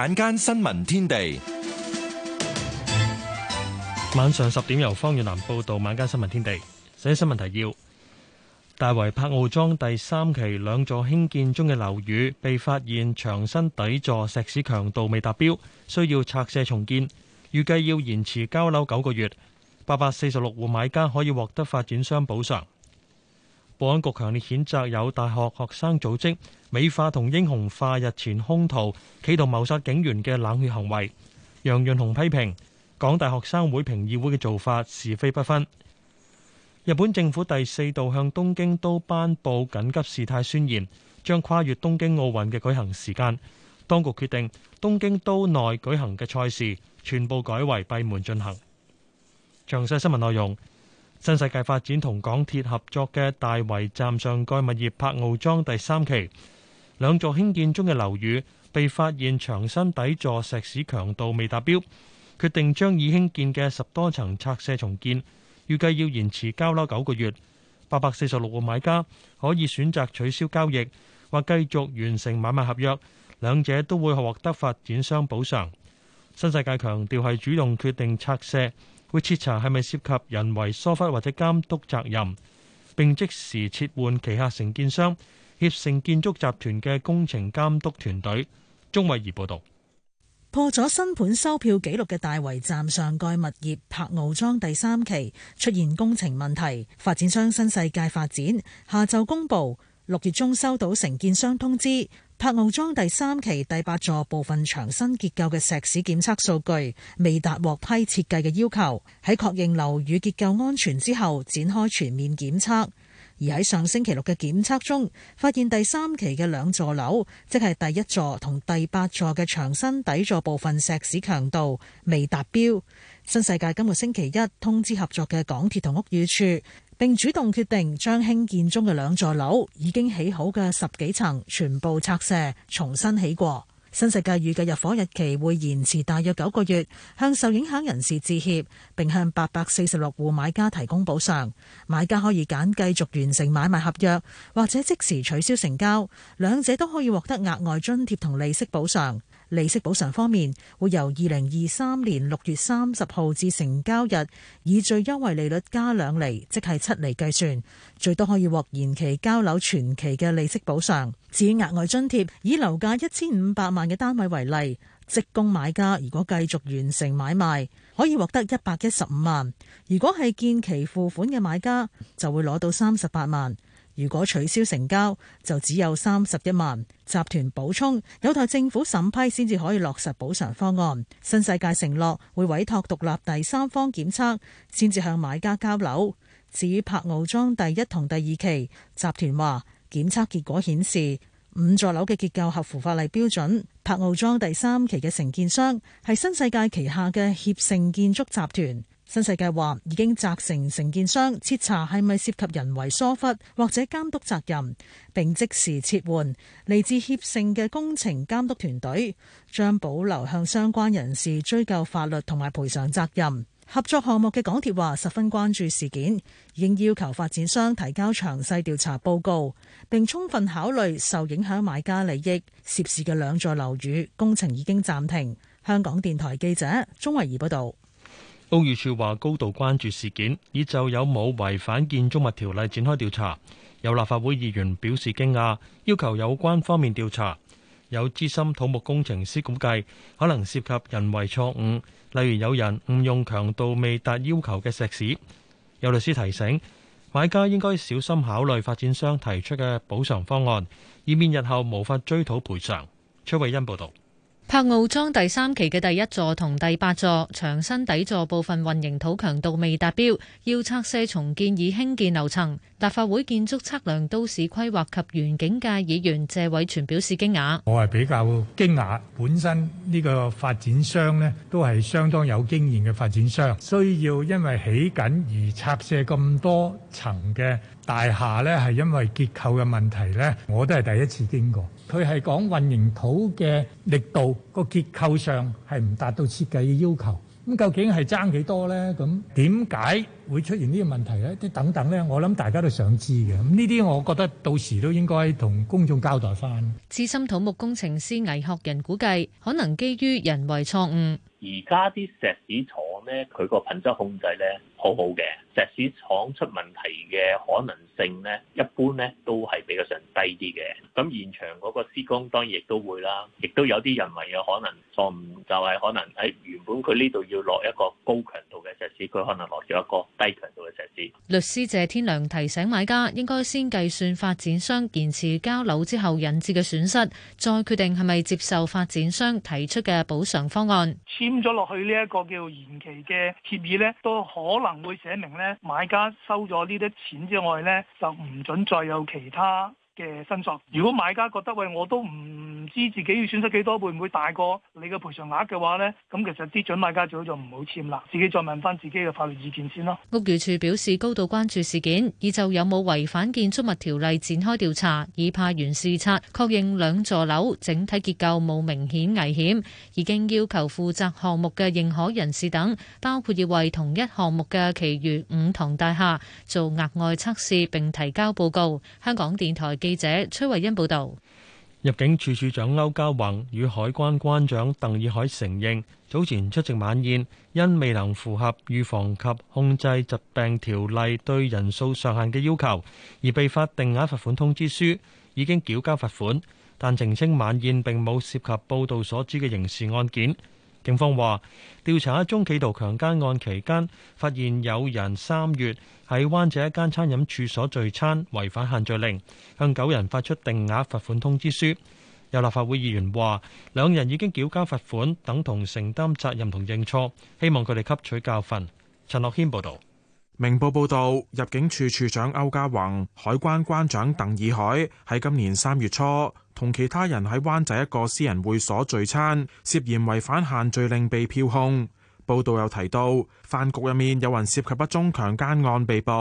晚間新聞天地，晚上十點由方月南報道。晚間新聞天地，首先新聞提要：大圍柏傲莊第三期兩座興建中嘅樓宇被發現牆身底座石屎強度未達標，需要拆卸重建，預計要延遲交樓九個月。八百四十六戶買家可以獲得發展商補償。保安局強烈譴責有大學學生組織美化同英雄化日前兇徒企圖謀殺警員嘅冷血行為。楊潤雄批評港大學生會評議會嘅做法是非不分。日本政府第四度向東京都頒布緊急事態宣言，將跨越東京奧運嘅舉行時間。當局決定東京都內舉行嘅賽事全部改為閉門進行。詳細新聞內容。新世界發展同港鐵合作嘅大圍站上蓋物業柏傲莊第三期，兩座興建中嘅樓宇被發現牆身底座石屎強度未達標，決定將已興建嘅十多層拆卸重建，預計要延遲交樓九個月。八百四十六個買家可以選擇取消交易或繼續完成買賣合約，兩者都會獲得發展商補償。新世界強調係主動決定拆卸。會徹查係咪涉及人為疏忽或者監督責任，並即時撤換旗下承建商協盛建築集團嘅工程監督團隊。鍾偉儀報道，破咗新盤收票紀錄嘅大圍站上蓋物業柏傲莊第三期出現工程問題，發展商新世界發展下晝公布六月中收到承建商通知，柏傲莊第三期第八座部分牆身結構嘅石屎檢測數據未達獲批設計嘅要求，喺確認樓宇結構安全之後展開全面檢測，而喺上星期六嘅檢測中，發現第三期嘅兩座樓，即係第一座同第八座嘅牆身底座部分石屎強度未達標。新世界今個星期一通知合作嘅港鐵同屋宇署，並主動決定將興建中嘅兩座樓已經起好嘅十幾層全部拆卸，重新起過。新世界預計入伙日期會延遲大約九個月，向受影響人士致歉，並向八百四十六戶買家提供補償。買家可以揀繼續完成買賣合約，或者即時取消成交，兩者都可以獲得額外津貼同利息補償。利息補償方面，會由二零二三年六月三十號至成交日，以最優惠利率加兩厘，即係七厘計算，最多可以獲延期交樓全期嘅利息補償。至於額外津貼，以樓價一千五百萬嘅單位為例，即供買家如果繼續完成買賣，可以獲得一百一十五萬；如果係建期付款嘅買家，就會攞到三十八萬。如果取消成交，就只有三十一萬。集團補充，有待政府審批先至可以落實補償方案。新世界承諾會委託獨立第三方檢測先至向買家交樓。至於柏傲莊第一同第二期，集團話檢測結果顯示五座樓嘅結構合符法例標準。柏傲莊第三期嘅承建商係新世界旗下嘅協盛建築集團。新世界話已經責成承建商徹查係咪涉及人為疏忽或者監督責任，並即時撤換嚟自協成嘅工程監督團隊，將保留向相關人士追究法律同埋賠償責任。合作項目嘅港鐵話十分關注事件，已經要求發展商提交詳細調查報告，並充分考慮受影響買家利益。涉事嘅兩座樓宇工程已經暫停。香港電台記者鍾慧儀報道。屋宇署話高度關注事件，已就有冇違反建築物條例展開調查。有立法會議員表示驚訝，要求有關方面調查。有資深土木工程師估計，可能涉及人為錯誤，例如有人誤用強度未達要求嘅石屎。有律師提醒，買家應該小心考慮發展商提出嘅補償方案，以免日後無法追討賠償。崔慧欣報道。柏傲莊第三期嘅第一座同第八座牆身底座部分混凝土強度未達標，要拆卸重建，以興建樓層。立法會建築測量、都市規劃及園境界議員謝偉全表示驚訝。我係比較驚訝，本身呢個發展商呢都係相當有經驗嘅發展商，需要因為起緊而拆卸咁多層嘅。大廈咧係因為結構嘅問題咧，我都係第一次經過。佢係講混凝土嘅力度，個結構上係唔達到設計嘅要求。咁究竟係爭幾多咧？咁點解會出現呢個問題咧？啲等等咧，我諗大家都想知嘅。咁呢啲我覺得到時都應該同公眾交代翻。資深土木工程師、危學人估計，可能基於人為錯誤。而家啲石屎廠咧，佢個品質控制咧。好好嘅石屎廠出問題嘅可能性呢，一般呢都係比較上低啲嘅。咁現場嗰個施工當然亦都會啦，亦都有啲人為嘅可能錯誤，就係可能喺原本佢呢度要落一個高強度嘅石屎，佢可能落咗一個低強度嘅石屎。律師謝天良提醒買家，應該先計算發展商延遲交樓之後引致嘅損失，再決定係咪接受發展商提出嘅補償方案。簽咗落去呢一個叫延期嘅協議呢，都可能。可能會寫明咧，買家收咗呢啲錢之外咧，就唔准再有其他。嘅申索，如果買家覺得喂，我都唔知自己要損失幾多，會唔會大過你嘅賠償額嘅話咧，咁其實啲準買家最好就唔好簽啦，自己再問翻自己嘅法律意見先咯。屋宇署表示高度關注事件，已就有冇違反建築物條例展開調查，已派員視察確認兩座樓整體結構冇明顯危險，已經要求負責項目嘅認可人士等，包括要為同一項目嘅其餘五堂大廈做額外測試並提交報告。香港電台記。記者崔慧欣報道，入境處處長歐家宏與海關關長鄧以海承認，早前出席晚宴，因未能符合預防及控制疾病條例對人數上限嘅要求，而被發定額罰款通知書，已經繳交罰款，但澄清晚宴並冇涉及報道所指嘅刑事案件。警方話，調查一宗企圖強姦案期間，發現有人三月喺灣仔一間餐飲處所聚餐，違反限聚令，向九人發出定額罰款通知書。有立法會議員話，兩人已經繳交罰款，等同承擔責任同認錯，希望佢哋吸取教訓。陳樂軒報道：「明報報道入境處處長歐家宏、海關關長鄧以海喺今年三月初，同其他人喺灣仔一個私人會所聚餐，涉嫌違反限聚令被票控。報道又提到，飯局入面有人涉及一宗強奸案被捕。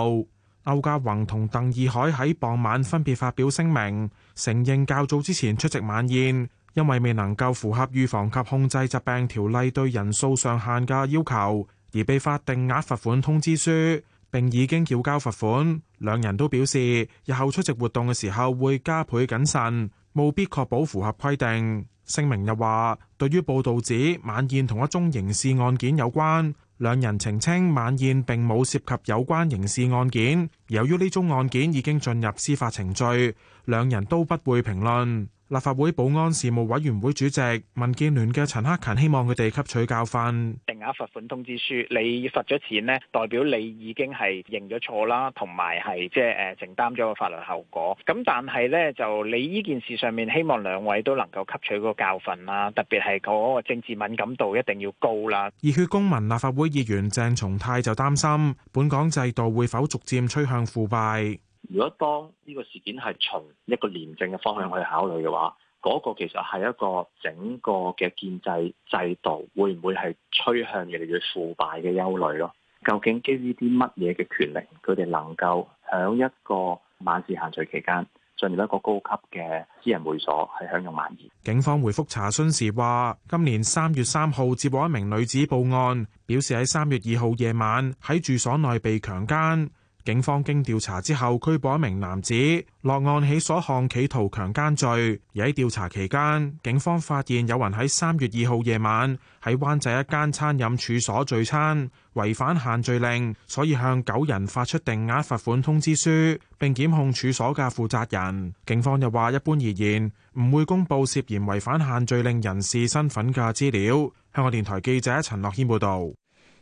歐家宏同鄧義海喺傍晚分別發表聲明，承認較早之前出席晚宴，因為未能夠符合預防及控制疾病條例對人數上限嘅要求，而被發定額罰款通知書，並已經繳交罰款。兩人都表示，日後出席活動嘅時候會加倍謹慎。務必確保符合規定。聲明又話，對於報道指晚宴同一宗刑事案件有關，兩人澄清晚宴並冇涉及有關刑事案件。由於呢宗案件已經進入司法程序，兩人都不會評論。立法會保安事務委員會主席、民建聯嘅陳克勤，希望佢哋吸取教訓。定額罰款通知書，你罰咗錢咧，代表你已經係認咗錯啦，同埋係即係誒承擔咗個法律後果。咁但係咧，就你呢件事上面，希望兩位都能夠吸取個教訓啦。特別係嗰個政治敏感度一定要高啦。熱血公民立法會議員鄭松泰就擔心，本港制度會否逐漸趨向腐敗。如果當呢個事件係從一個廉政嘅方向去考慮嘅話，嗰個其實係一個整個嘅建制制度會唔會係趨向越嚟越腐敗嘅憂慮咯？究竟基於啲乜嘢嘅權力，佢哋能夠喺一個晚市限聚期間進入一個高級嘅私人會所係享用晚宴？警方回覆查詢時話：今年三月三號接獲一名女子報案，表示喺三月二號夜晚喺住所內被強奸。警方經調查之後拘捕一名男子，落案起訴一項企圖強奸罪。而喺調查期間，警方發現有人喺三月二號夜晚喺灣仔一間餐飲處所聚餐，違反限聚令，所以向九人發出定額罰款通知書，並檢控處所嘅負責人。警方又話，一般而言唔會公布涉嫌違反限聚令人士身份嘅資料。香港電台記者陳樂謙報道。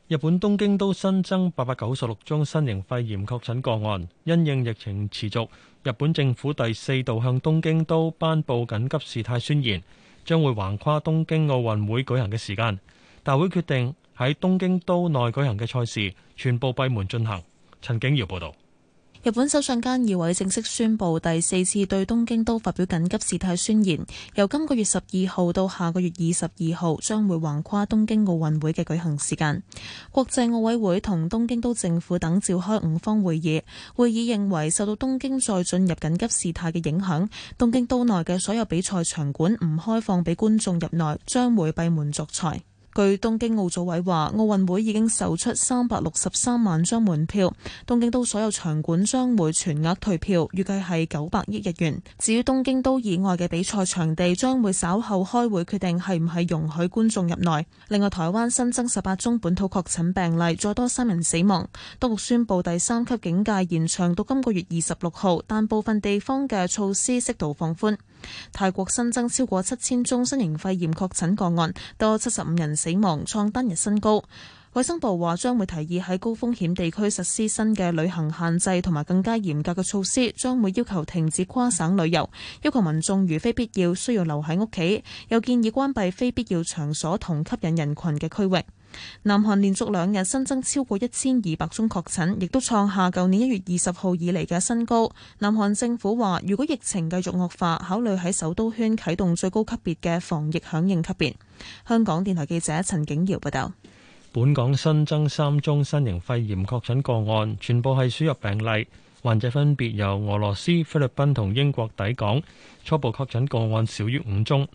日本東京都新增八百九十六宗新型肺炎確診個案，因應疫情持續，日本政府第四度向東京都頒布緊急事態宣言，將會橫跨東京奧運會舉行嘅時間。大會決定喺東京都內舉行嘅賽事全部閉門進行。陳景堯報道。日本首相菅義偉正式宣布第四次對東京都發表緊急事態宣言，由今個月十二號到下個月二十二號，將會橫跨東京奧運會嘅舉行時間。國際奧委會同東京都政府等召開五方會議，會議認為受到東京再進入緊急事態嘅影響，東京都內嘅所有比賽場館唔開放俾觀眾入內，將會閉門作賽。據東京奧組委話，奧運會已經售出三百六十三萬張門票。東京都所有場館將會全額退票，預計係九百億日元。至於東京都以外嘅比賽場地，將會稍後開會決定係唔係容許觀眾入內。另外，台灣新增十八宗本土確診病例，再多三人死亡。當局宣布第三級警戒延長到今個月二十六號，但部分地方嘅措施適度放寬。泰國新增超過七千宗新型肺炎確診個案，多七十五人死亡，創單日新高。衛生部話將會提議喺高風險地區實施新嘅旅行限制，同埋更加嚴格嘅措施。將會要求停止跨省旅遊，要求民眾如非必要需要留喺屋企，又建議關閉非必要場所同吸引人群嘅區域。南韓連續兩日新增超過一千二百宗確診，亦都創下舊年一月二十號以嚟嘅新高。南韓政府話，如果疫情繼續惡化，考慮喺首都圈啟動最高級別嘅防疫響應級別。香港電台記者陳景堯報道。本港新增三宗新型肺炎確診個案，全部係輸入病例，患者分別由俄羅斯、菲律賓同英國抵港。初步確診個案少於五宗。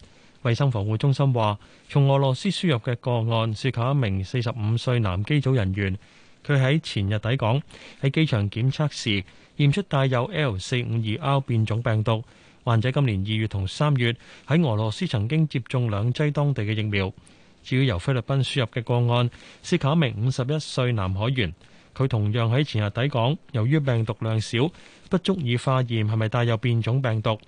衛生防護中心話，從俄羅斯輸入嘅個案涉及一名四十五歲男機組人員，佢喺前日抵港，喺機場檢測時驗出帶有 L 四五二 R 變種病毒。患者今年二月同三月喺俄羅斯曾經接種兩劑當地嘅疫苗。至於由菲律賓輸入嘅個案涉及一名五十一歲男海員，佢同樣喺前日抵港，由於病毒量少，不足以化驗係咪帶有變種病毒。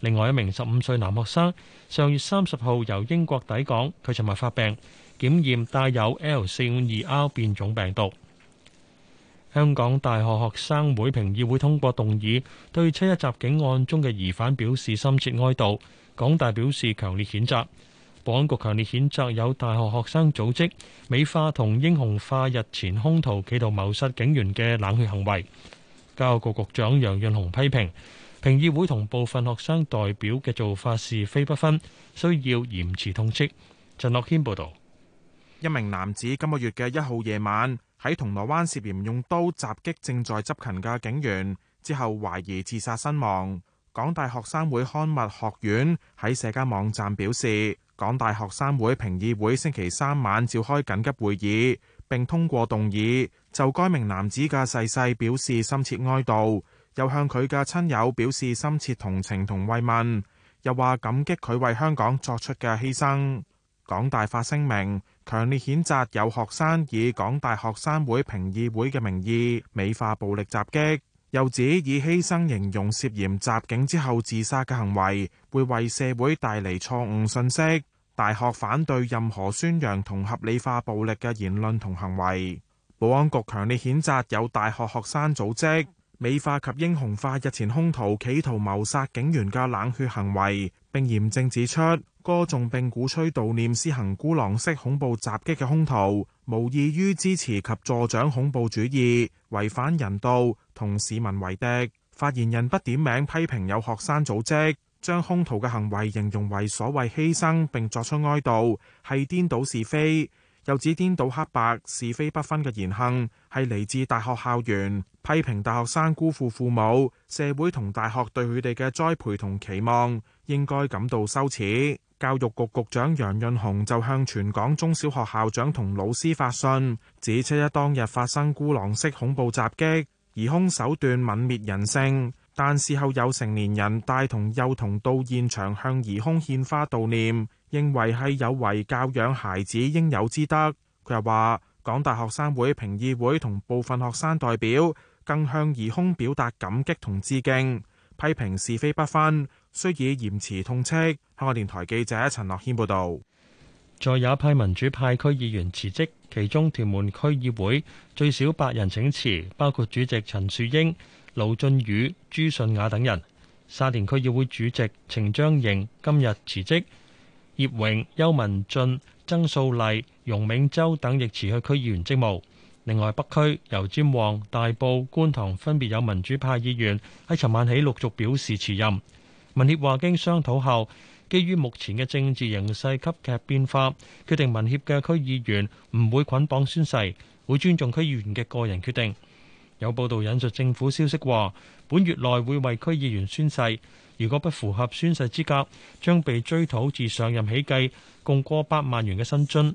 另外一名十五歲男學生上月三十號由英國抵港，佢尋日發病，檢驗帶有 L 四五二 R 變種病毒。香港大學學生會評議會通過動議，對七一襲警案中嘅疑犯表示深切哀悼，港大表示強烈譴責。保安局強烈譴責有大學學生組織美化同英雄化日前兇徒企圖謀殺警員嘅冷血行為。教育局局長楊潤雄批評評議會同部分學生代表嘅做法是非不分，需要嚴辭痛斥。陳樂謙報道，一名男子今個月嘅一號夜晚喺銅鑼灣涉嫌用刀襲擊正在執勤嘅警員，之後懷疑自殺身亡。港大學生會刊物學院喺社交網站表示。港大學生會評議會星期三晚召開緊急會議，並通過動議，就該名男子嘅逝世表示深切哀悼，又向佢嘅親友表示深切同情同慰問，又話感激佢為香港作出嘅犧牲。港大發聲明，強烈譴責有學生以港大學生會評議會嘅名義美化暴力襲擊。又指以犧牲形容涉嫌襲警之後自殺嘅行為，會為社會帶嚟錯誤信息。大學反對任何宣揚同合理化暴力嘅言論同行為。保安局強烈譴責有大學學生組織，美化及英雄化日前兇徒企圖謀殺警員嘅冷血行為，並嚴正指出。歌頌並鼓吹悼念施行孤狼式恐怖襲擊嘅凶徒，無異於支持及助長恐怖主義，違反人道，同市民為敵。發言人不點名批評有學生組織將凶徒嘅行為形容為所謂犧牲，並作出哀悼，係顛倒是非，又指顛倒黑白、是非不分嘅言行係嚟自大學校園，批評大學生辜負父母、社會同大學對佢哋嘅栽培同期望，應該感到羞恥。教育局局長楊潤雄就向全港中小學校長同老師發信，指七一當日發生孤狼式恐怖襲擊，疑兇手段泯滅人性，但事後有成年人帶同幼童到現場向疑兇獻花悼念，認為係有違教養孩子應有之德。佢又話，港大學生會評議會同部分學生代表更向疑兇表達感激同致敬，批評是非不分。須以嚴詞痛斥。香港電台記者陳樂軒報導，再有一派民主派區議員辭職，其中屯門區議會最少八人請辭，包括主席陳樹英、盧俊宇、朱順雅等人。沙田區議會主席程章瑩今日辭職，葉榮、邱文俊、曾素麗、容銘洲等亦辭去區議員職務。另外，北區、油尖旺、大埔、觀塘分別有民主派議員喺尋晚起陸續表示辭任。民協話經商討後，基於目前嘅政治形勢急劇變化，決定民協嘅區議員唔會捆綁宣誓，會尊重區議員嘅個人決定。有報道引述政府消息話，本月內會為區議員宣誓，如果不符合宣誓資格，將被追討至上任起計共過百萬元嘅薪津。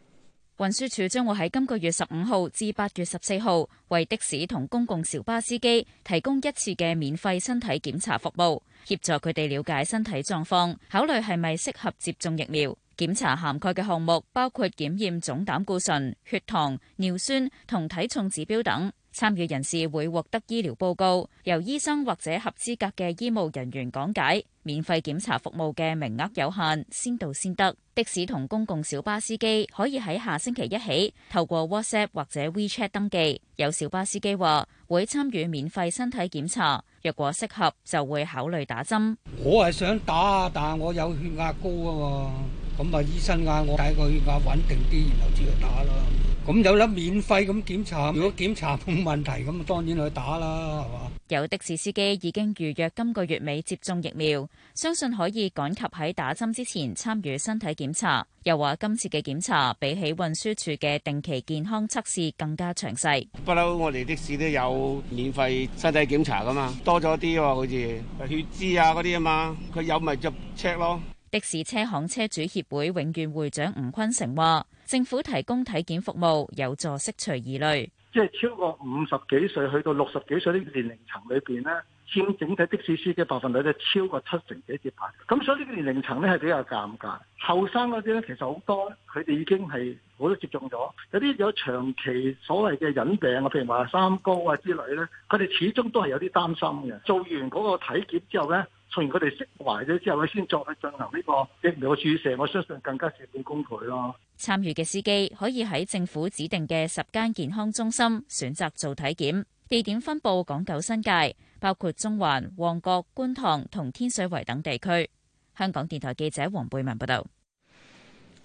運輸署將會喺今個月十五號至八月十四號，為的士同公共小巴司機提供一次嘅免費身體檢查服務，協助佢哋了解身體狀況，考慮係咪適合接種疫苗。檢查涵蓋嘅項目包括檢驗總膽固醇、血糖、尿酸同體重指標等。參與人士會獲得醫療報告，由醫生或者合資格嘅醫務人員講解。免費檢查服務嘅名額有限，先到先得。的士同公共小巴司機可以喺下星期一起透過 WhatsApp 或者 WeChat 登記。有小巴司機話會參與免費身體檢查，若果適合就會考慮打針。我係想打，但係我有血壓高啊嘛，咁啊醫生嗌、啊、我睇個血壓穩定啲，然後再去打咯。咁有粒免費咁檢查，如果檢查冇問題，咁當然去打啦，係嘛？有的士司機已經預約今個月尾接種疫苗，相信可以趕及喺打針之前參與身體檢查。又話今次嘅檢查比起運輸處嘅定期健康測試更加詳細。不嬲，我哋的士都有免費身體檢查㗎嘛，多咗啲喎，好似血脂啊嗰啲啊嘛，佢有咪就 check 咯。的士車行車主協會永遠會長吳坤成話。政府提供體檢服務，有助釋除疑慮。即係超過五十幾歲去到六十幾歲呢個年齡層裏邊咧，佔整體的士司機嘅百分率咧超過七成幾至八，咁所以呢個年齡層咧係比較尷尬。後生嗰啲咧其實好多，佢哋已經係好多接種咗，有啲有長期所謂嘅隱病啊，譬如話三高啊之類咧，佢哋始終都係有啲擔心嘅。做完嗰個體檢之後咧。從佢哋釋懷咗之後，佢先再去進行呢個疫苗注射，我相信更加事半功倍咯。參與嘅司機可以喺政府指定嘅十間健康中心選擇做體檢，地點分佈港九新界，包括中環、旺角、觀塘同天水圍等地區。香港電台記者黃貝文報道。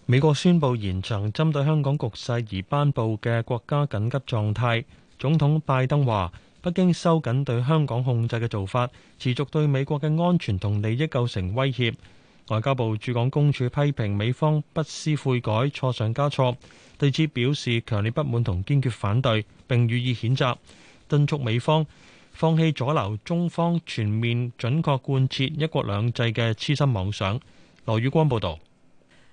美國宣布延長針對香港局勢而頒布嘅國家緊急狀態。總統拜登話，北京收緊對香港控制嘅做法，持續對美國嘅安全同利益構成威脅。外交部駐港公署批評美方不思悔改、錯上加錯，對此表示強烈不滿同堅決反對，並予以譴責，敦促美方放棄阻撓中方全面準確貫徹一國兩制嘅痴心妄想。羅宇光報道。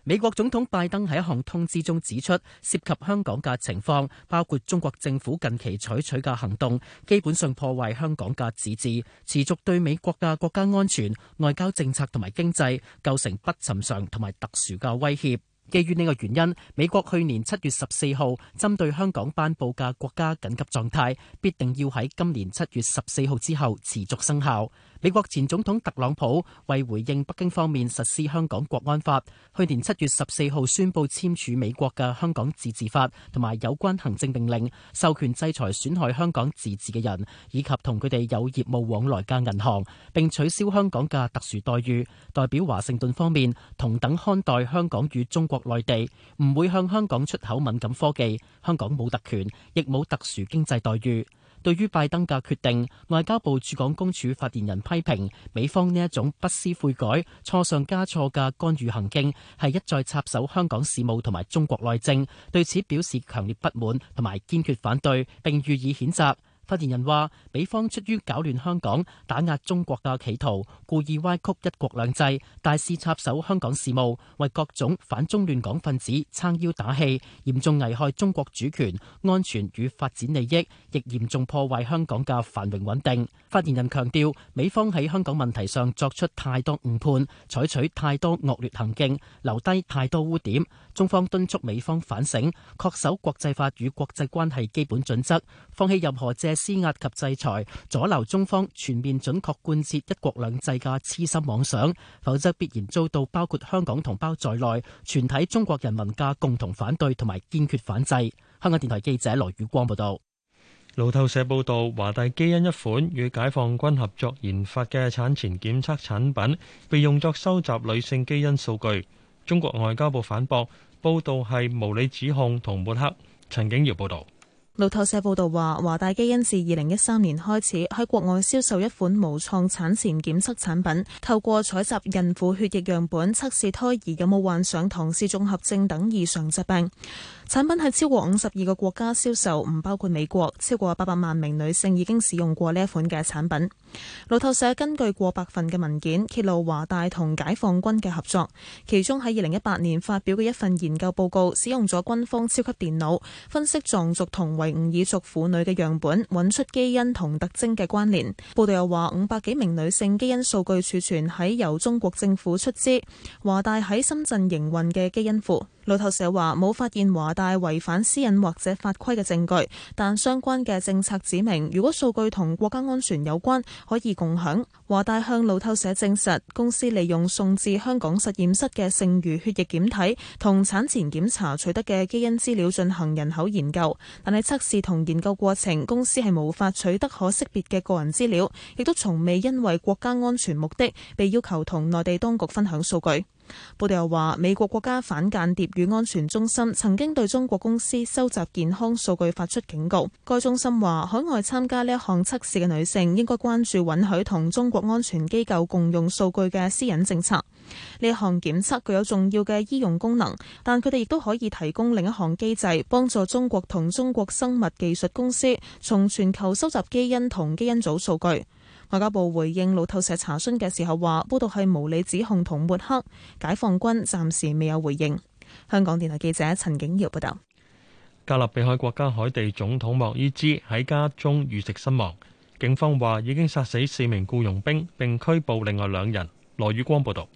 美國總統拜登喺一項通知中指出，涉及香港嘅情況，包括中國政府近期採取嘅行動，基本上破壞香港嘅自治，持續對美國嘅國家安全、外交政策同埋經濟構成不尋常同埋特殊嘅威脅。基於呢個原因，美國去年七月十四號針對香港頒布嘅國家緊急狀態，必定要喺今年七月十四號之後持續生效。美國前總統特朗普為回應北京方面實施香港國安法，去年七月十四號宣布簽署美國嘅《香港自治法》同埋有關行政命令，授權制裁損害香港自治嘅人，以及同佢哋有業務往來嘅銀行，並取消香港嘅特殊待遇。代表華盛頓方面同等看待香港與中國內地，唔會向香港出口敏感科技。香港冇特權，亦冇特殊經濟待遇。對於拜登嘅決定，外交部駐港公署發言人批評美方呢一種不思悔改、錯上加錯嘅干預行徑，係一再插手香港事務同埋中國內政，對此表示強烈不滿同埋堅決反對，並予以譴責。發言人話：美方出於搞亂香港、打壓中國嘅企圖，故意歪曲一國兩制，大肆插手香港事務，為各種反中亂港分子撐腰打氣，嚴重危害中國主權、安全與發展利益，亦嚴重破壞香港嘅繁榮穩定。發言人強調，美方喺香港問題上作出太多誤判，採取太多惡劣行徑，留低太多污點。中方敦促美方反省，恪守國際法與國際關係基本準則，放棄任何借施壓及制裁，阻撓中方全面準確貫徹“一國兩制”嘅痴心妄想，否則必然遭到包括香港同胞在內，全體中國人民嘅共同反對同埋堅決反制。香港電台記者羅宇光報道。路透社報道，華大基因一款與解放軍合作研發嘅產前檢測產品被用作收集女性基因數據。中國外交部反駁報道係無理指控同抹黑。陳景瑤報道。路透社報道話，華大基因自二零一三年開始喺國外銷售一款無創產前檢測產品，透過採集孕婦血液樣本，測試胎兒有冇患上唐氏綜合症等異常疾病。產品係超過五十二個國家銷售，唔包括美國。超過八百萬名女性已經使用過呢一款嘅產品。路透社根據過百份嘅文件揭露華大同解放軍嘅合作，其中喺二零一八年發表嘅一份研究報告，使用咗軍方超級電腦分析藏族同維吾爾族婦女嘅樣本，揾出基因同特徵嘅關聯。報道又話五百幾名女性基因數據儲存喺由中國政府出資，華大喺深圳營運嘅基因庫。路透社話冇發現華大違反私隱或者法規嘅證據，但相關嘅政策指明，如果數據同國家安全有關，可以共享。華大向路透社證實，公司利用送至香港實驗室嘅剩餘血液檢體同產前檢查取得嘅基因資料進行人口研究，但係測試同研究過程，公司係無法取得可識別嘅個人資料，亦都從未因為國家安全目的被要求同內地當局分享數據。報導又話，美國國家反間諜與安全中心曾經對中國公司收集健康數據發出警告。該中心話，海外參加呢一項測試嘅女性應該關注允許同中國安全機構共用數據嘅私隱政策。呢一項檢測具有重要嘅醫用功能，但佢哋亦都可以提供另一項機制，幫助中國同中國生物技術公司從全球收集基因同基因組數據。外交部回應路透社查詢嘅時候話：報道係無理指控同抹黑，解放軍暫時未有回應。香港電台記者陳景瑤報道。加勒比海國家海地總統莫伊茲喺家中遇襲身亡，警方話已經殺死四名雇佣兵，並拘捕另外兩人。羅宇光報道。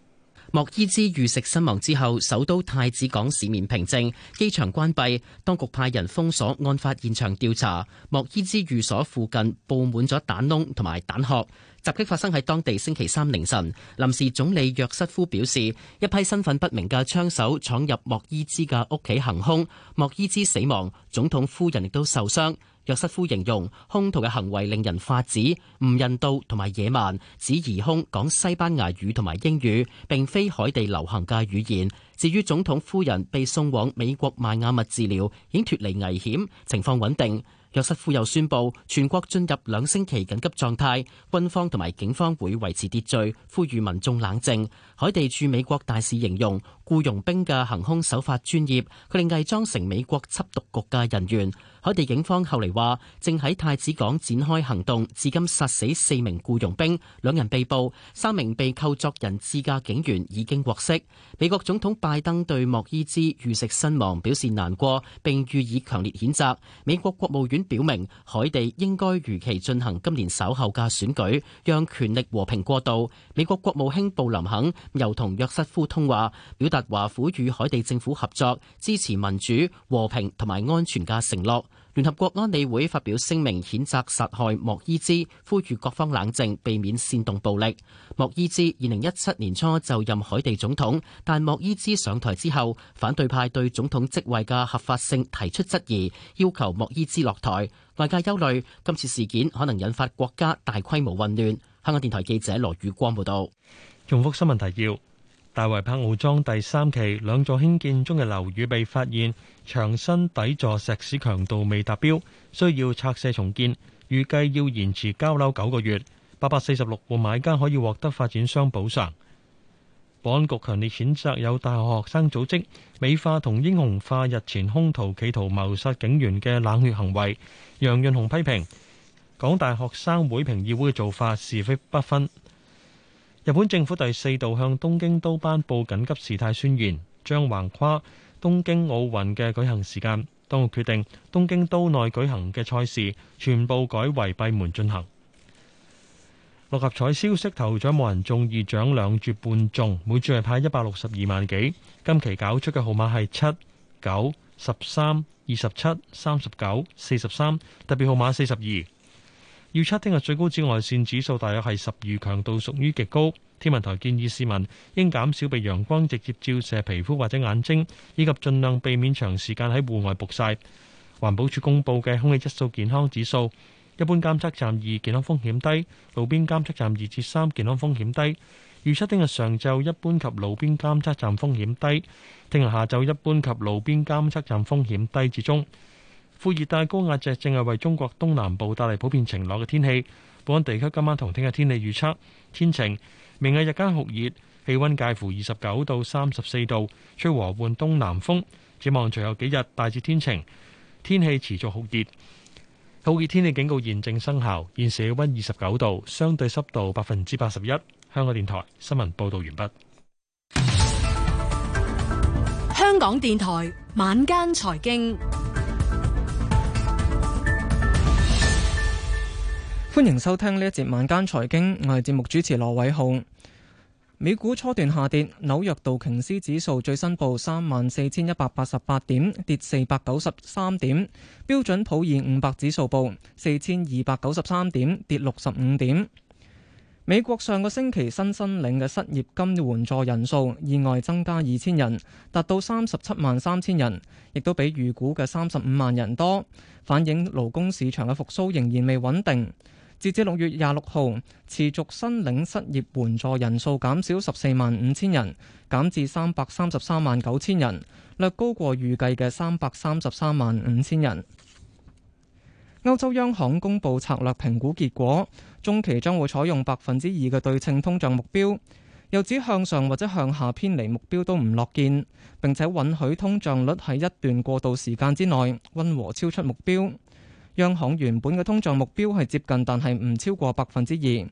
莫伊茲遇食身亡之後，首都太子港市面平靜，機場關閉，當局派人封鎖案發現場調查。莫伊茲寓所附近佈滿咗彈窿同埋彈殼。襲擊發生喺當地星期三凌晨。臨時總理約瑟夫表示，一批身份不明嘅槍手闖入莫伊茲嘅屋企行凶。莫伊茲死亡，總統夫人亦都受傷。約瑟夫形容凶徒嘅行為令人發指、唔人道同埋野蠻，指疑凶講西班牙語同埋英語，並非海地流行嘅語言。至於總統夫人被送往美國邁亞密治療，已經脱離危險，情況穩定。約瑟夫又宣布全國進入兩星期緊急狀態，軍方同埋警方會維持秩序，呼籲民眾冷靜。海地駐美國大使形容雇傭兵嘅行凶手法專業，佢哋偽裝成美國緝毒局嘅人員。海地警方後嚟話，正喺太子港展開行動，至今殺死四名僱傭兵，兩人被捕，三名被扣作人質嘅警員已經獲釋。美國總統拜登對莫伊茲遇刺身亡表示難過，並予以強烈譴責。美國國務院表明，海地應該如期進行今年稍後嘅選舉，讓權力和平過渡。美國國務卿布林肯又同約瑟夫通話，表達華府與海地政府合作、支持民主、和平同埋安全嘅承諾。聯合國安理會發表聲明譴責殺害莫伊茲，呼籲各方冷靜，避免煽動暴力。莫伊茲二零一七年初就任海地總統，但莫伊茲上台之後，反對派對總統職位嘅合法性提出質疑，要求莫伊茲落台。外界憂慮今次事件可能引發國家大規模混亂。香港電台記者羅宇光報道。重複新聞提要。大圍柏傲莊第三期兩座興建中嘅樓宇被發現牆身底座石屎強度未達標，需要拆卸重建，預計要延遲交樓九個月。八百四十六戶買家可以獲得發展商補償。保安局強烈譴責有大學學生組織美化同英雄化日前兇徒企圖謀殺警員嘅冷血行為。楊潤雄批評港大學生會評議會嘅做法是非不分。日本政府第四度向東京都頒布緊急事態宣言，將橫跨東京奧運嘅舉行時間。當局決定東京都內舉行嘅賽事全部改為閉門進行。六合彩消息，頭獎冇人中，二獎兩注半中，每注係派一百六十二萬幾。今期搞出嘅號碼係七、九、十三、二十七、三十九、四十三，特別號碼四十二。預測聽日最高紫外線指數大約係十二，強度屬於極高。天文台建議市民應減少被陽光直接照射皮膚或者眼睛，以及盡量避免長時間喺戶外曝曬。環保署公布嘅空氣質素健康指數，一般監測站二，健康風險低；路邊監測站二至三，健康風險低。預測聽日上晝一般及路邊監測站風險低，聽日下晝一般及路邊監測站風險低至中。副熱帶高壓脊正係為中國東南部帶嚟普遍晴朗嘅天氣。本港地區今晚同聽日天氣預測天晴，明日日間酷熱，氣溫介乎二十九到三十四度，吹和緩東南風。展望隨後幾日大致天晴，天氣持續酷熱。酷熱天氣警告現正生效，現時氣溫二十九度，相對濕度百分之八十一。香港電台新聞報道完畢。香港電台晚間財經。歡迎收聽呢一節《晚間財經》，我係節目主持羅偉浩。美股初段下跌，紐約道瓊斯指數最新報三萬四千一百八十八點，跌四百九十三點；標準普爾五百指數報四千二百九十三點，跌六十五點。美國上個星期新申領嘅失業金援助人數意外增加二千人，達到三十七萬三千人，亦都比預估嘅三十五萬人多，反映勞工市場嘅復甦仍然未穩定。截至六月廿六號，持續申領失業援助人數減少十四萬五千人，減至三百三十三萬九千人，略高過預計嘅三百三十三萬五千人。歐洲央行公布策略評估結果，中期將會採用百分之二嘅對稱通脹目標，又指向上或者向下偏離目標都唔樂見，並且允許通脹率喺一段過渡時間之內溫和超出目標。央行原本嘅通脹目標係接近，但係唔超過百分之二。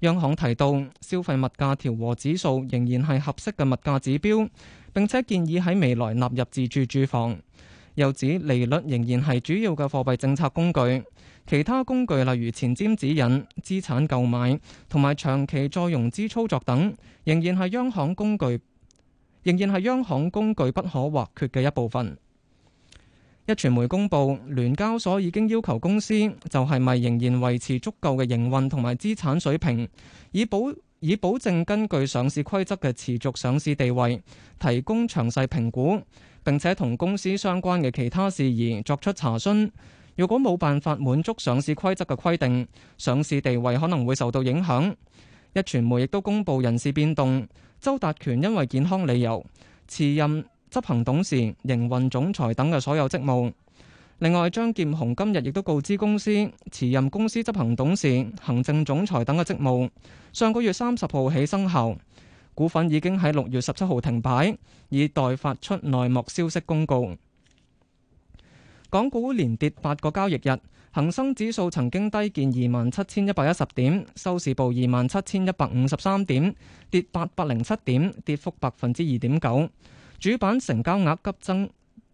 央行提到，消費物價調和指數仍然係合適嘅物價指標，並且建議喺未來納入自住住房。又指利率仍然係主要嘅貨幣政策工具，其他工具例如前瞻指引、資產購買同埋長期再融資操作等，仍然係央行工具，仍然係央行工具不可或缺嘅一部分。一傳媒公佈，聯交所已經要求公司就係咪仍然維持足夠嘅營運同埋資產水平，以保以保證根據上市規則嘅持續上市地位，提供詳細評估，並且同公司相關嘅其他事宜作出查詢。如果冇辦法滿足上市規則嘅規定，上市地位可能會受到影響。一傳媒亦都公佈人事變動，周達權因為健康理由辭任。執行董事、營運總裁等嘅所有職務。另外，張劍虹今日亦都告知公司辭任公司執行董事、行政總裁等嘅職務。上個月三十號起生效，股份已經喺六月十七號停牌，以待發出內幕消息公告。港股連跌八個交易日，恒生指數曾經低見二萬七千一百一十點，收市報二萬七千一百五十三點，跌八百零七點，跌幅百分之二點九。主板成交額急增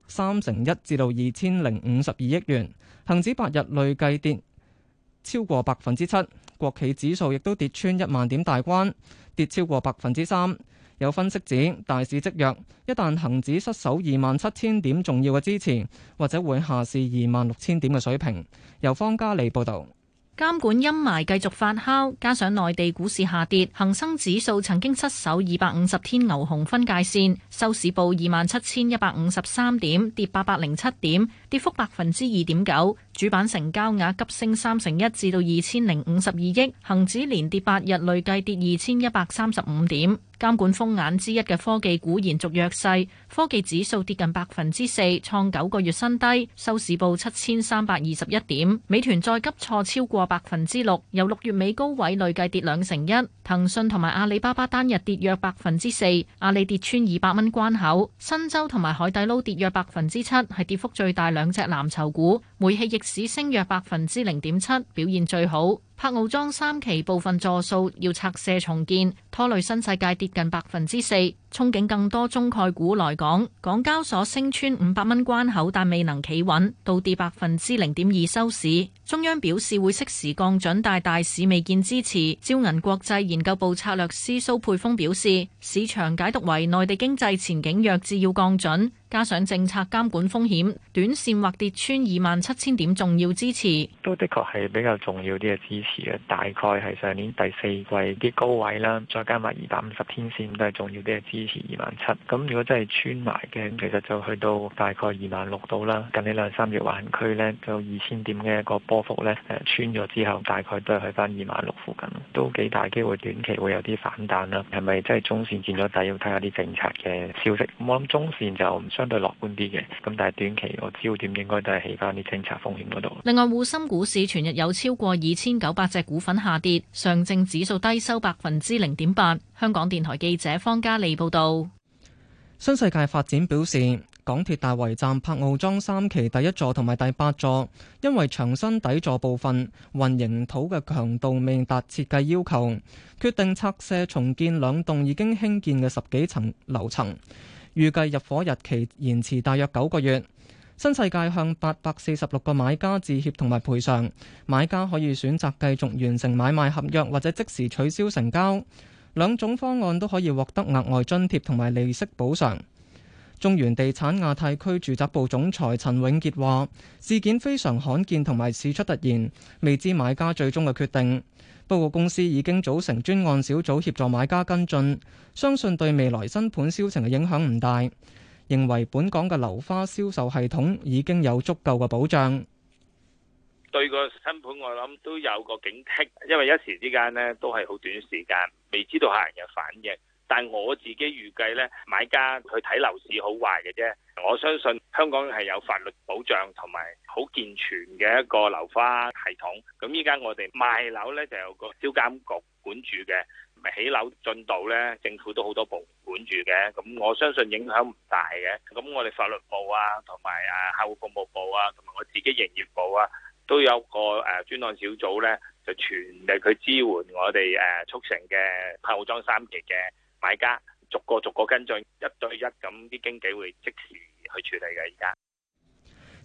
三成一，至到二千零五十二億元。恒指八日累計跌超過百分之七，國企指數亦都跌穿一萬點大關，跌超過百分之三。有分析指大市積弱，一旦恒指失守二萬七千點重要嘅支持，或者會下試二萬六千點嘅水平。由方嘉利報導。監管陰霾繼續發酵，加上內地股市下跌，恒生指數曾經失守二百五十天牛熊分界線，收市報二萬七千一百五十三點，跌八百零七點，跌幅百分之二點九。主板成交額急升三成一，至到二千零五十二億，恒指連跌八日，累計跌二千一百三十五點。監管風眼之一嘅科技股延續弱勢，科技指數跌近百分之四，創九個月新低，收市報七千三百二十一點。美團再急挫超過百分之六，由六月尾高位累計跌兩成一。騰訊同埋阿里巴巴單日跌約百分之四，阿里跌穿二百蚊關口。新洲同埋海底撈跌約百分之七，係跌幅最大兩隻藍籌股。煤氣逆市升約百分之零點七，表現最好。柏傲莊三期部分座數要拆卸重建，拖累新世界跌近百分之四。憧憬更多中概股來港，港交所升穿五百蚊關口，但未能企穩，倒跌百分之零點二收市。中央表示會適時降準，但大，大市未見支持。招銀國際研究部策略師蘇佩峰表示，市場解讀為內地經濟前景弱，至要降準，加上政策監管風險，短線或跌穿二萬七千點重要支持。都的確係比較重要啲嘅支持嘅，大概係上年第四季啲高位啦，再加埋二百五十天線都係重要啲嘅支持。支持二萬七，咁如果真係穿埋嘅，其實就去到大概二萬六度啦。近呢兩三月環區咧，就二千點嘅一個波幅咧，誒穿咗之後，大概都係去翻二萬六附近，都幾大機會短期會有啲反彈啦。係咪真係中線見咗底？要睇下啲政策嘅消息。我諗中線就相對樂觀啲嘅，咁但係短期個焦點應該都係喺翻啲政策風險嗰度。另外，滬深股市全日有超過二千九百隻股份下跌，上證指數低收百分之零點八。香港電台記者方嘉莉報道，新世界發展表示，港鐵大圍站柏傲莊三期第一座同埋第八座，因為牆身底座部分混凝土嘅強度未達設計要求，決定拆卸重建兩棟已經興建嘅十幾層樓層，預計入伙日期延遲大約九個月。新世界向八百四十六個買家致歉同埋賠償，買家可以選擇繼續完成買賣合約，或者即時取消成交。兩種方案都可以獲得額外津貼同埋利息補償。中原地產亞太區住宅部總裁陳永傑話事件非常罕見同埋事出突然，未知買家最終嘅決定。不過，公司已經組成專案小組協助買家跟進，相信對未來新盤銷情嘅影響唔大，認為本港嘅樓花銷售系統已經有足夠嘅保障。對個新盤，我諗都有個警惕，因為一時之間呢都係好短時間，未知道客人嘅反應。但係我自己預計呢，買家去睇樓市好壞嘅啫。我相信香港係有法律保障同埋好健全嘅一個樓花系統。咁依家我哋賣樓呢，就有個銷監局管住嘅，唔係起樓進度呢，政府都好多部門管住嘅。咁我相信影響唔大嘅。咁我哋法律部啊，同埋啊客戶服務部啊，同埋我自己營業部啊，都有個誒專案小組呢就全力去支援我哋誒促成嘅後莊三期嘅買家，逐個逐個跟進，一對一咁啲經紀會即時去處理嘅。而家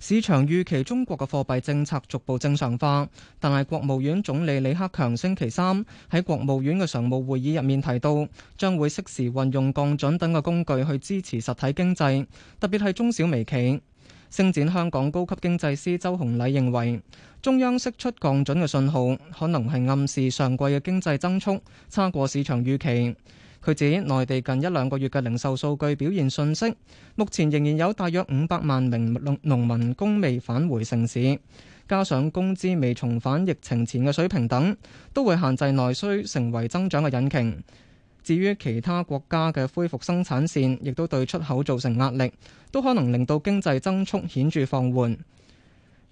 市場預期中國嘅貨幣政策逐步正常化，但係國務院總理李克強星期三喺國務院嘅常務會議入面提到，將會適時運用降準等嘅工具去支持實體經濟，特別係中小微企。星展香港高級經濟師周鴻禮認為，中央釋出降準嘅信號，可能係暗示上季嘅經濟增速差過市場預期。佢指，內地近一兩個月嘅零售數據表現遜色，目前仍然有大約五百萬名農民工未返回城市，加上工資未重返疫情前嘅水平等，都會限制內需，成為增長嘅引擎。至於其他國家嘅恢復生產線，亦都對出口造成壓力，都可能令到經濟增速顯著放緩。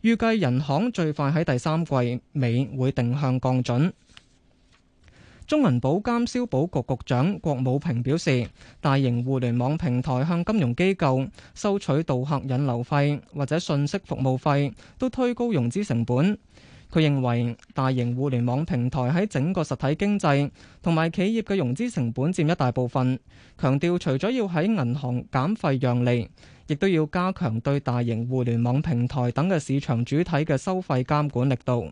預計人行最快喺第三季尾會定向降準。中銀保監消保局局長郭武平表示，大型互聯網平台向金融機構收取導客引流費或者信息服務費，都推高融資成本。佢認為大型互聯網平台喺整個實體經濟同埋企業嘅融資成本佔一大部分，強調除咗要喺銀行減費讓利，亦都要加強對大型互聯網平台等嘅市場主體嘅收費監管力度。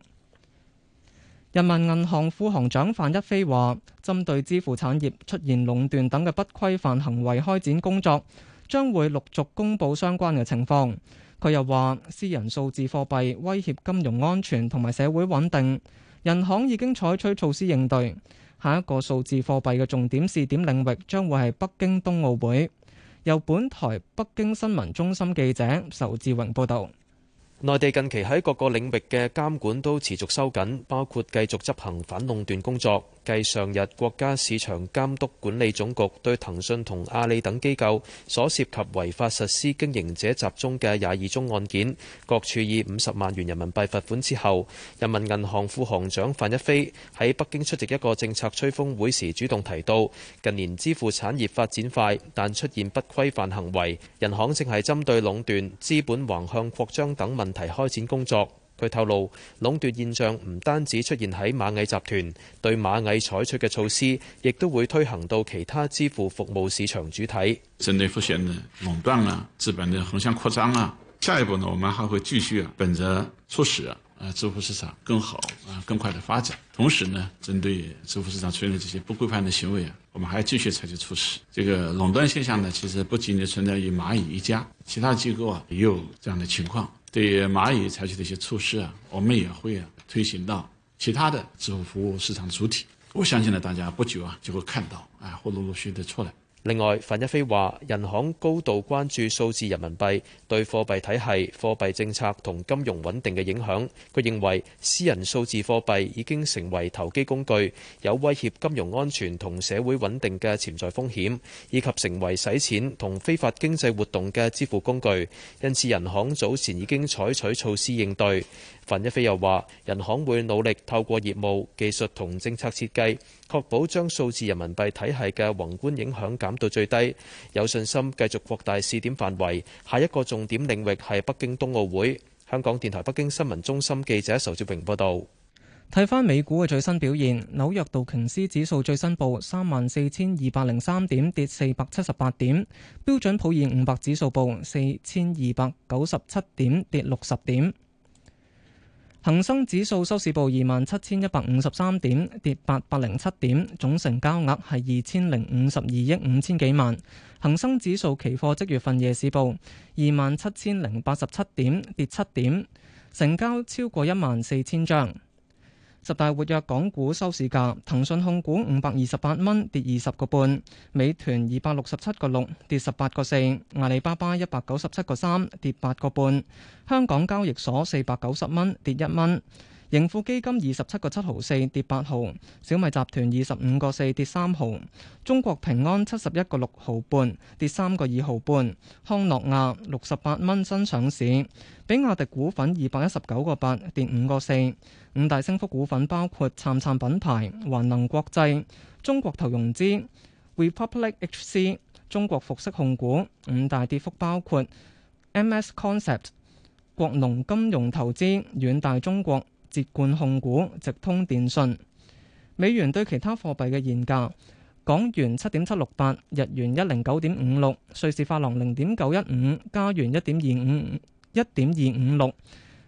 人民銀行副行長范一飛話，針對支付產業出現壟斷等嘅不規範行為，開展工作，將會陸續公佈相關嘅情況。佢又話：私人數字貨幣威脅金融安全同埋社會穩定，人行已經採取措施應對。下一個數字貨幣嘅重點試點領域將會係北京冬奧會。由本台北京新聞中心記者仇志榮報導。內地近期喺各個領域嘅監管都持續收緊，包括繼續執行反壟斷工作。繼上日國家市場監督管理總局對騰訊同阿里等機構所涉及違法實施經營者集中嘅廿二宗案件各處以五十萬元人民幣罰款之後，人民銀行副行長范一飛喺北京出席一個政策吹風會時主動提到，近年支付產業發展快，但出現不規範行為，人行正係針對壟斷、資本橫向擴張等問題開展工作。佢透露，壟斷現象唔單止出現喺螞蟻集團，對螞蟻採取嘅措施，亦都會推行到其他支付服務市場主體。針對目前的壟斷啊，資本的橫向擴張啊，下一步呢，我們還會繼續啊，本着促使啊，啊，支付市場更好啊，更快的發展。同時呢，針對支付市場出現的這些不規範的行為啊，我們還要繼續採取措施。這個壟斷現象呢，其實不僅僅存在於螞蟻一家，其他機構啊也有這樣的情況。對螞蟻採取的一些措施啊，我們也會啊推行到其他的支付服務市場主體。我相信呢，大家不久啊就會看到，啊、哎，會陸陸續續的出來。另外，范一飛話：人行高度關注數字人民幣對貨幣體系、貨幣政策同金融穩定嘅影響。佢認為私人數字貨幣已經成為投機工具，有威脅金融安全同社會穩定嘅潛在風險，以及成為洗錢同非法經濟活動嘅支付工具。因此，人行早前已經採取措施應對。范一飛又話人行會努力透過業務技術同政策設計確保將數字人民幣體系嘅宏觀影響減到最低，有信心繼續擴大試點範圍下一個重點領域係北京冬奧會香港電台北京新聞中心記者仇志榮報道。睇翻美股嘅最新表現紐約道瓊斯指數最新報三萬四千二百零三點跌四百七十八點標準普爾五百指數報四千二百九十七點跌六十點。恒生指數收市報二萬七千一百五十三點，跌八百零七點，總成交額係二千零五十二億五千幾萬。恒生指數期貨即月份夜市報二萬七千零八十七點，跌七點，成交超過一萬四千張。十大活躍港股收市價：騰訊控股五百二十八蚊，跌二十個半；美團二百六十七個六，跌十八個四；阿里巴巴一百九十七個三，跌八個半；香港交易所四百九十蚊，跌一蚊。盈富基金二十七個七毫四，跌八毫；小米集團二十五個四，跌三毫；中國平安七十一個六毫半，跌三個二毫半；康諾亞六十八蚊新上市，比亞迪股份二百一十九個八，跌五個四。五大升幅股份包括杉杉品牌、環能國際、中國投融資、Republic H C、中國服飾控股。五大跌幅包括 M S Concept、國農金融投資、遠大中國。捷冠控股、直通電訊。美元對其他貨幣嘅現價：港元七點七六八，日元一零九點五六，瑞士法郎零點九一五，加元一點二五五，一點二五六，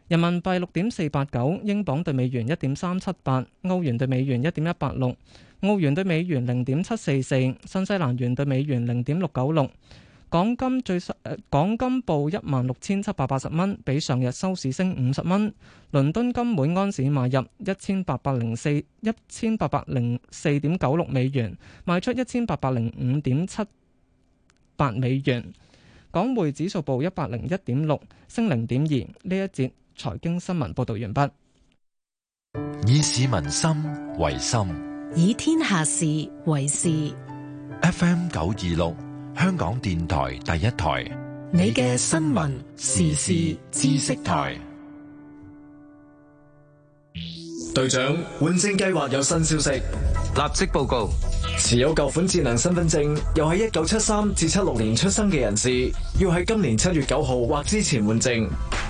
人民幣六點四八九，英鎊對美元一點三七八，歐元對美元一點一八六，澳元對美元零點七四四，新西蘭元對美元零點六九六。港金最新，誒、呃，港金報一萬六千七百八十蚊，比上日收市升五十蚊。倫敦金每安士買入一千八百零四，一千八百零四點九六美元，賣出一千八百零五點七八美元。港匯指數報一百零一點六，升零點二。呢一節財經新聞報道完畢。以市民心為心，以天下事為事。F.M. 九二六。香港電台第一台，你嘅新聞時事知識台，隊長換星計劃有新消息，立即報告。持有舊款智能身份證又喺一九七三至七六年出生嘅人士，要喺今年七月九號或之前換證；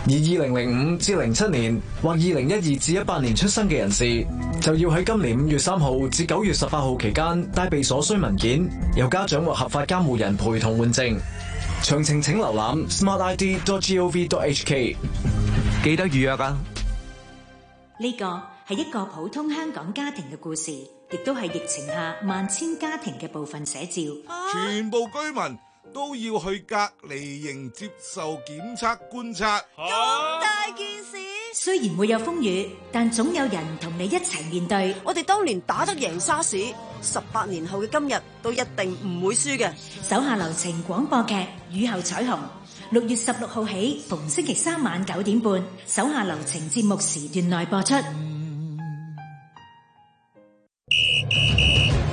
而二零零五至零七年或二零一二至一八年出生嘅人士，就要喺今年五月三號至九月十八號期間帶備所需文件，由家長或合法監護人陪同換證。詳情請瀏覽 smartid.gov.hk。記得預約啊！呢個係一個普通香港家庭嘅故事。亦都係疫情下萬千家庭嘅部分寫照。全部居民都要去隔離營接受檢測觀察，咁大件事。雖然會有風雨，但總有人同你一齊面對。我哋當年打得贏沙士，十八年後嘅今日都一定唔會輸嘅。手下留情廣播劇《雨後彩虹》，六月十六號起，逢星期三晚九點半，手下留情節目時段內播出。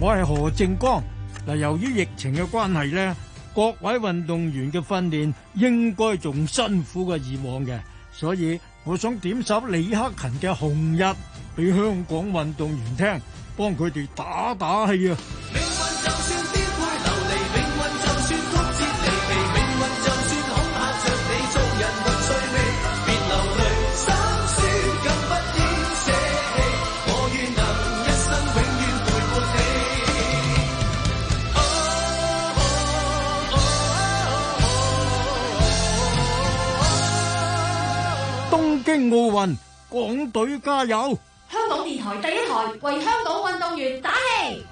我係何正光嗱，由於疫情嘅關係咧，各位運動員嘅訓練應該仲辛苦過以往嘅，所以我想點首李克勤嘅《紅日》俾香港運動員聽，幫佢哋打打氣啊！京奧運，港隊加油！香港電台第一台為香港運動員打氣。